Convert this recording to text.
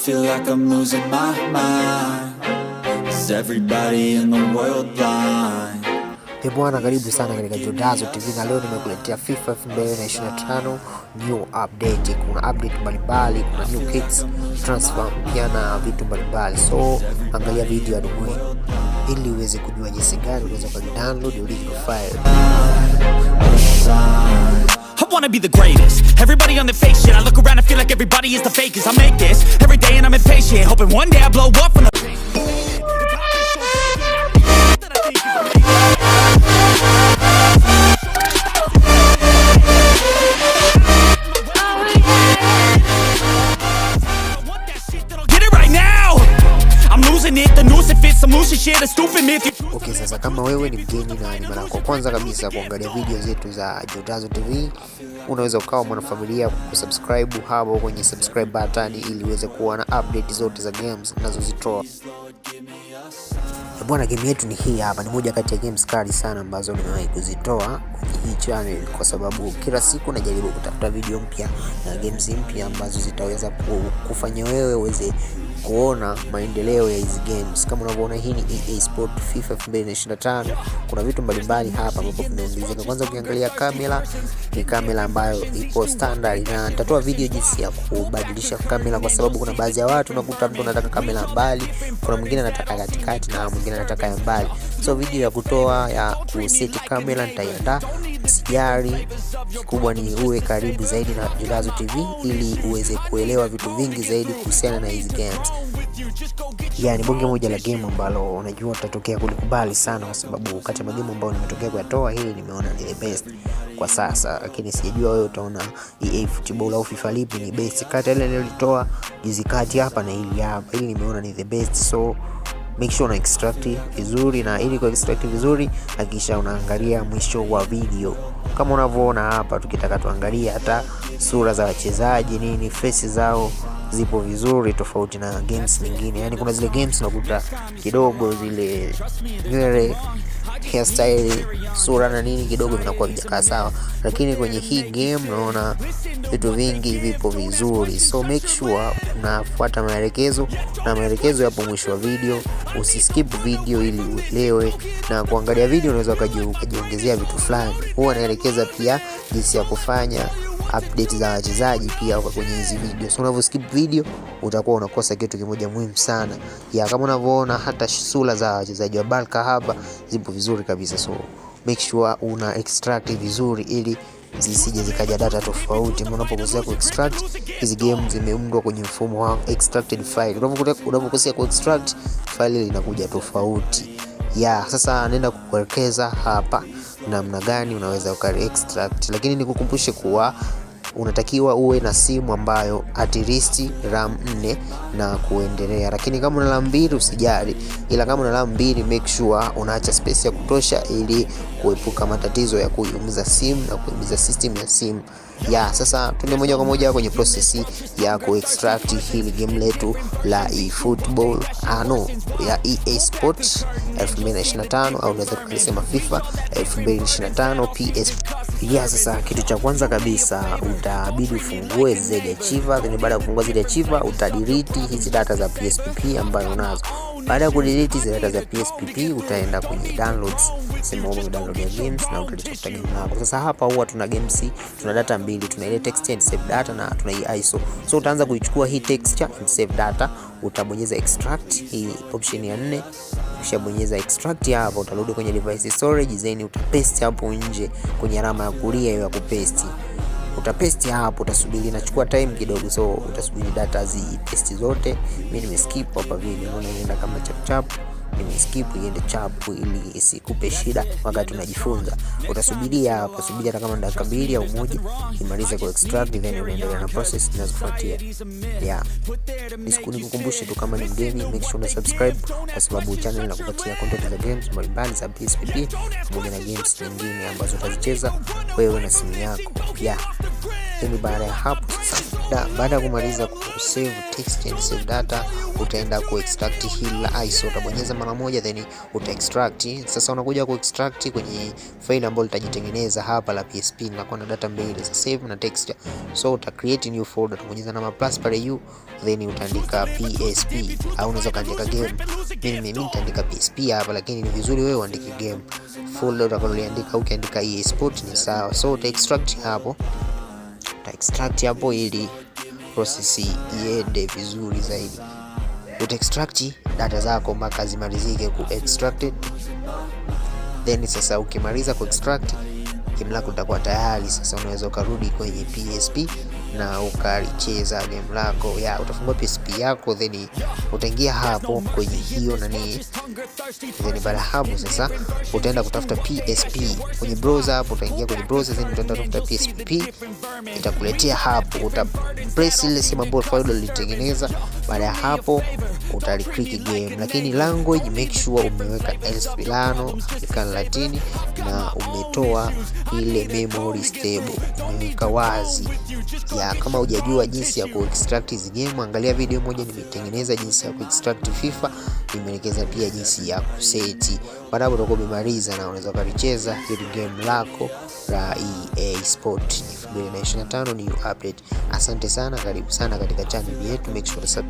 feel like I'm losing my mind. Is everybody in the world blind? He bwana, karibu sana katika Jodazo TV na leo nimekuletea FIFA 2025 new update. Kuna update mbalimbali, kuna new kits, transfer pia na vitu mbalimbali, so angalia video ya mwisho ili uweze kujua jinsi gani unaweza kudownload original file. wanna be the greatest Everybody on the fake shit I look around and feel like everybody is the fakest I make this every day and I'm impatient Hoping one day I blow up from the Okay, sasa kama wewe ni mgeni na ni mara yako kwanza kabisa kuangalia video zetu za Jodazo TV, unaweza ukawa mwanafamilia kusubscribe hapo kwenye subscribe button ili uweze kuwa na update zote za games nazozitoa. Bwana, game yetu ni hii hapa, ni moja kati ya games kali sana ambazo nimewahi kuzitoa hii channel kwa sababu kila siku najaribu kutafuta video mpya na games mpya ambazo zitaweza kufanya wewe uweze kuona maendeleo ya hizi games. Kama unavyoona, hii ni EA Sport FIFA 2025. Kuna vitu mbalimbali hapa ambapo vimeongezeka. Kwanza ukiangalia kamera, ni kamera ambayo ipo standard, na nitatoa video jinsi ya kubadilisha kamera, kwa sababu kuna baadhi ya watu unakuta mtu anataka kamera mbali, kuna mwingine anataka katikati na mwingine anataka ya mbali. So video ya kutoa ya kuseti kamera nitaiandaa sijari kikubwa ni uwe karibu zaidi na Judazo TV ili uweze kuelewa vitu vingi zaidi kuhusiana na hizi games. Yani bonge moja la game ambalo unajua tutatokea kulikubali sana, kwa sababu kati ya magemu ambayo nimetokea kuyatoa, hili nimeona ni the best kwa sasa, lakini sijajua wewe utaona EA Football au FIFA lipi ni best kati ya ile nilitoa juzi kati hapa na hili hapa, hili nimeona ni the best so make sure una extract vizuri, na ili ku extract vizuri hakikisha unaangalia mwisho wa video kama unavyoona hapa, tukitaka tuangalie hata sura za wachezaji nini, face zao zipo vizuri tofauti na games nyingine. Yani kuna zile games unakuta kidogo zile nywele hairstyle, sura na nini kidogo vinakuwa vijakaa sawa, lakini kwenye hii game naona vitu vingi vipo vizuri, so make sure unafuata maelekezo, na maelekezo yapo mwisho wa video. Usiskip video ili uelewe, na kuangalia video unaweza ukajiongezea vitu fulani. Huwa naelekeza pia jinsi ya kufanya update za wachezaji pia kwenye hizi video. So unavyo skip video utakuwa unakosa kitu kimoja muhimu sana. Ya kama unavyoona hata sura za wachezaji wa Barca hapa zipo vizuri kabisa. So make sure una extract vizuri ili zisije zikaja data tofauti. Mbona Unapokosea ku extract, hizi game zimeundwa kwenye mfumo wa extracted file. Unapokosea ku extract file linakuja tofauti. Ya sasa nenda kukuelekeza hapa namna gani unaweza ukari extract, lakini nikukumbushe kuwa unatakiwa uwe na simu ambayo at least RAM 4 na kuendelea, lakini kama una RAM 2 usijali, ila kama una RAM 2 make sure unaacha space ya kutosha, ili kuepuka matatizo ya kuumiza simu na kuumiza system ya simu ya sasa. Tuende moja kwa moja kwenye prosesi ya kuextract hili game letu la eFootball, ano ah, ya EA Sports 2025 au unaweza tukalisema FIFA 2025 PS Yeah, sasa kitu cha kwanza kabisa utabidi ufungue Achiever, then baada ya kufungua ZArchiver utadiriti hizi data za PSPP ambayo unazo. Baada ya kudelete hizi data za PSPP utaenda kwenye downloads, sema huko download ya games na utalifuta game lako. Sasa hapa huwa tuna games, tuna data mbili, tuna ile text and save data na tuna hii ISO. So utaanza kuichukua hii texture and save data, utabonyeza extract hii option ya 4 Ukishabonyeza extract hapo, utarudi kwenye device storage, then utapaste hapo nje kwenye alama ya kulia ya kupaste utapaste hapo, utasubiri, inachukua time kidogo, so utasubiri data zi paste zote. Mimi nimeskip hapa vile naona inaenda kama chap chap skip iende chapu ili isikupe shida wakati unajifunza. Utasubiria hapo, subiria hata kama dakika mbili au moja, imalize ku extract then unaendelea na process zinazofuatia. Yeah, nisikukumbushe tu kama ni mgeni, make sure una subscribe kwa sababu channel inakupatia content za games mbalimbali za PSPP pamoja na games nyingine ambazo utazicheza wewe na simu yako. Yeah, baada ya hapo sasa na baada ya kumaliza ku save text and save data, utaenda ku extract hii la ISO, utabonyeza mara moja, then uta extract. Sasa unakuja ku extract kwenye file ambayo litajitengeneza hapa la PSP, na kuna data mbili za save na text, so uta create new folder, utabonyeza na plus pale u, then utaandika PSP au unaweza kaandika game. Mimi mimi nitaandika PSP hapa, lakini ni vizuri wewe uandike game. Folder utakaloandika ukiandika e sport ni sawa, so uta extract hapo uta extract hapo ili process iende vizuri zaidi. Uta extract data zako mpaka zimalizike ku extracted, then sasa ukimaliza ku extract kimlako utakuwa tayari sasa, unaweza ukarudi kwenye PSP na ukalicheza game lako ya utafungua PSP yako, then utaingia hapo kwenye hiyo nani, then baada hapo sasa utaenda kutafuta PSP kwenye browser. Hapo utaingia kwenye browser, then utaenda kutafuta PSP, itakuletea hapo, uta press ile sehemu ambayo faili lilitengeneza. Baada ya hapo utaliklik game, lakini language make sure umeweka Esperanto African Latini na umetoa ile memory stable, umeweka wazi ya kama hujajua jinsi ya kuextract hizi game, angalia video moja nimetengeneza jinsi ya kuextract FIFA, nimeelekeza pia jinsi ya kuseti. Baada hapo utakuwa umemaliza na unaweza kucheza hili game lako la EA Sport 2025 new update. Asante sana, karibu sana katika channel yetu, make sure